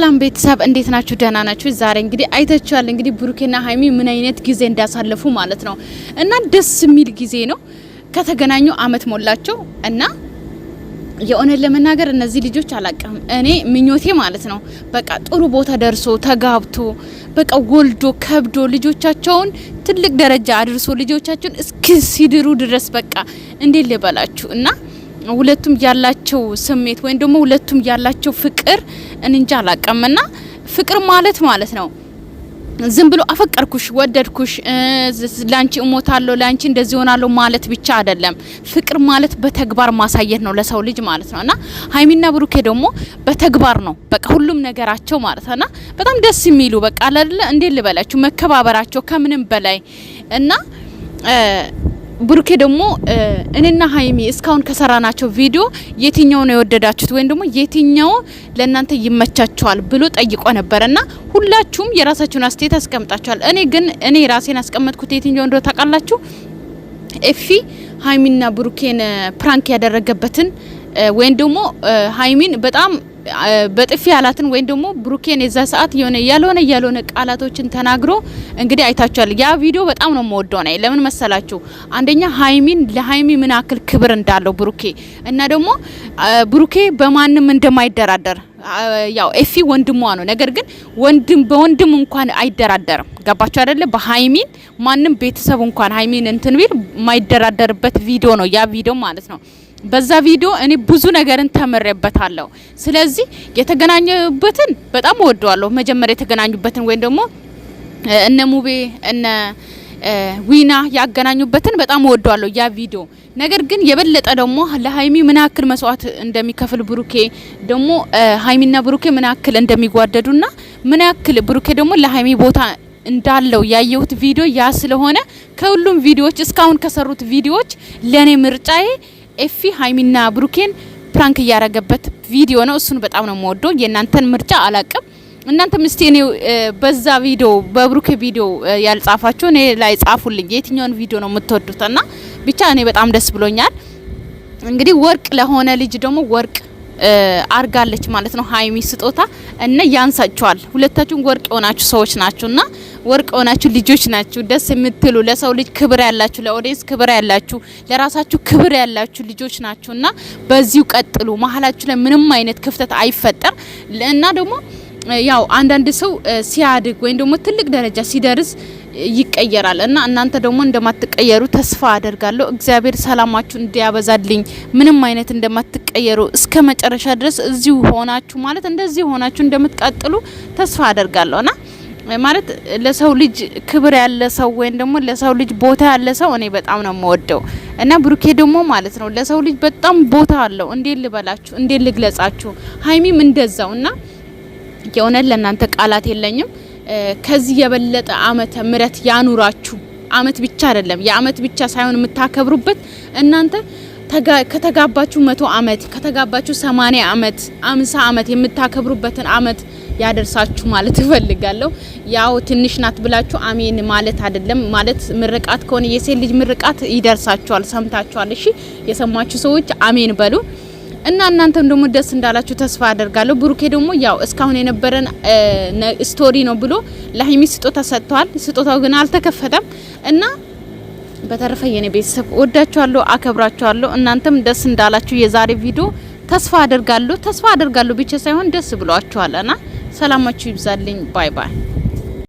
ሰላም ቤተሰብ እንዴት ናችሁ? ደህና ናችሁ? ዛሬ እንግዲህ አይተችዋል እንግዲህ ብሩኬና ሀይሚ ምን አይነት ጊዜ እንዳሳለፉ ማለት ነው። እና ደስ የሚል ጊዜ ነው። ከተገናኙ አመት ሞላቸው እና የእውነት ለመናገር እነዚህ ልጆች አላቀም እኔ ምኞቴ ማለት ነው። በቃ ጥሩ ቦታ ደርሶ ተጋብቶ በቃ ወልዶ ከብዶ ልጆቻቸውን ትልቅ ደረጃ አድርሶ ልጆቻቸውን እስኪ ሲድሩ ድረስ በቃ እንዴት ልበላችሁ እና ሁለቱም ያላቸው ስሜት ወይም ደግሞ ሁለቱም ያላቸው ፍቅር እንንጃ አላቀምና ፍቅር ማለት ማለት ነው ዝም ብሎ አፈቀርኩሽ፣ ወደድኩሽ፣ ላንቺ እሞታለሁ፣ ላንቺ እንደዚህ ሆናለሁ ማለት ብቻ አይደለም። ፍቅር ማለት በተግባር ማሳየት ነው ለሰው ልጅ ማለት ነውና ሀይሚና ብሩኬ ደግሞ በተግባር ነው በቃ ሁሉም ነገራቸው ማለት ነውና በጣም ደስ የሚሉ በቃ አለ አይደለ እንዴት ልበላችሁ መከባበራቸው ከምንም በላይ እና ብሩኬ ደግሞ እኔና ሀይሚ እስካሁን ከሰራናቸው ቪዲዮ የትኛው ነው የወደዳችሁት ወይም ደግሞ የትኛው ለእናንተ ይመቻችኋል ብሎ ጠይቆ ነበረ እና ሁላችሁም የራሳችሁን አስተያየት አስቀምጣችኋል። እኔ ግን እኔ ራሴን አስቀመጥኩት የትኛው እንደሆነ ታውቃላችሁ። ኤፊ ሀይሚና ብሩኬን ፕራንክ ያደረገበትን ወይም ደግሞ ሀይሚን በጣም በጥፊ ያላትን ወይም ደግሞ ብሩኬን የዛ ሰዓት የሆነ ያልሆነ ያልሆነ ቃላቶችን ተናግሮ እንግዲህ አይታችኋል። ያ ቪዲዮ በጣም ነው የምወደው። ናይ ለምን መሰላችሁ? አንደኛ ሀይሚን ለሀይሚ ምን ያክል ክብር እንዳለው ብሩኬ እና ደግሞ ብሩኬ በማንም እንደማይደራደር ያው ኤፊ ወንድሟ ነው። ነገር ግን ወንድም በወንድም እንኳን አይደራደርም። ገባችሁ አይደለ? በሀይሚን ማንም ቤተሰብ እንኳን ሀይሚን እንትን ቢል የማይደራደርበት ቪዲዮ ነው ያ ቪዲዮ ማለት ነው። በዛ ቪዲዮ እኔ ብዙ ነገርን ተምሬበታለሁ። ስለዚህ የተገናኘበትን በጣም እወደዋለሁ። መጀመሪያ የተገናኙበትን ወይም ደግሞ እነ ሙቤ እነ ዊና ያገናኙበትን በጣም እወደዋለሁ ያ ቪዲዮ። ነገር ግን የበለጠ ደግሞ ለሀይሚ ምን ያክል መስዋዕት እንደሚከፍል ብሩኬ ደግሞ ሀይሚና ብሩኬ ምን ያክል እንደሚጓደዱና ምን ያክል ብሩኬ ደግሞ ለሀይሚ ቦታ እንዳለው ያየሁት ቪዲዮ ያ ስለሆነ ከሁሉም ቪዲዮዎች እስካሁን ከሰሩት ቪዲዮዎች ለእኔ ምርጫዬ ኤፊ ሀይሚና ብሩኬን ፕራንክ እያረገበት ቪዲዮ ነው። እሱን በጣም ነው የምወደው። የእናንተን ምርጫ አላቅም። እናንተም እስቲ በዛ ቪዲዮ በብሩክ ቪዲዮ ያልጻፋችሁ እኔ ላይ ጻፉልኝ። የትኛውን ቪዲዮ ነው የምትወዱት? እና ብቻ እኔ በጣም ደስ ብሎኛል። እንግዲህ ወርቅ ለሆነ ልጅ ደግሞ ወርቅ አርጋለች ማለት ነው ሀይሚ ስጦታ እና ያንሳችኋል። ሁለታችሁም ወርቅ የሆናችሁ ሰዎች ናችሁና ወርቅ የሆናችሁ ልጆች ናችሁ። ደስ የምትሉ ለሰው ልጅ ክብር ያላችሁ፣ ለኦዲየንስ ክብር ያላችሁ፣ ለራሳችሁ ክብር ያላችሁ ልጆች ናችሁ እና በዚሁ ቀጥሉ። መሀላችሁ ላይ ምንም አይነት ክፍተት አይፈጠር እና ደግሞ ያው አንዳንድ ሰው ሲያድግ ወይም ደግሞ ትልቅ ደረጃ ሲደርስ ይቀየራል እና እናንተ ደግሞ እንደማትቀየሩ ተስፋ አደርጋለሁ። እግዚአብሔር ሰላማችሁ እንዲያበዛልኝ ምንም አይነት እንደማትቀየሩ እስከ መጨረሻ ድረስ እዚሁ ሆናችሁ ማለት እንደዚህ ሆናችሁ እንደምትቀጥሉ ተስፋ አደርጋለሁ ና ማለት ለሰው ልጅ ክብር ያለ ሰው ወይም ደግሞ ለሰው ልጅ ቦታ ያለ ሰው እኔ በጣም ነው የምወደው እና ብሩኬ ደግሞ ማለት ነው ለሰው ልጅ በጣም ቦታ አለው። እንዴት ልበላችሁ፣ እንዴት ልግለጻችሁ። ሀይሚም እንደዛው እና የእውነት ለእናንተ ቃላት የለኝም። ከዚህ የበለጠ አመተ ምረት ያኑራችሁ። አመት ብቻ አይደለም የአመት ብቻ ሳይሆን የምታከብሩበት እናንተ ከተጋባችሁ መቶ አመት ከተጋባችሁ ሰማኒያ አመት አምሳ አመት የምታከብሩበትን አመት ያደርሳችሁ ማለት እፈልጋለሁ። ያው ትንሽ ናት ብላችሁ አሜን ማለት አይደለም። ማለት ምርቃት ከሆነ የሴት ልጅ ምርቃት ይደርሳችኋል። ሰምታችኋል። እሺ የሰማችሁ ሰዎች አሜን በሉ እና እናንተም ደግሞ ደስ እንዳላችሁ ተስፋ አደርጋለሁ። ብሩኬ ደግሞ ያው እስካሁን የነበረን ስቶሪ ነው ብሎ ለሀይሚ ስጦታ ሰጥቷል። ስጦታው ግን አልተከፈተም እና በተረፈ የኔ ቤተሰብ ወዳችኋለሁ፣ አከብራችኋለሁ። እናንተም ደስ እንዳላችሁ የዛሬ ቪዲዮ ተስፋ አደርጋለሁ ተስፋ አደርጋለሁ ብቻ ሳይሆን ደስ እና ሰላማችሁ ይብዛልኝ። ባይ ባይ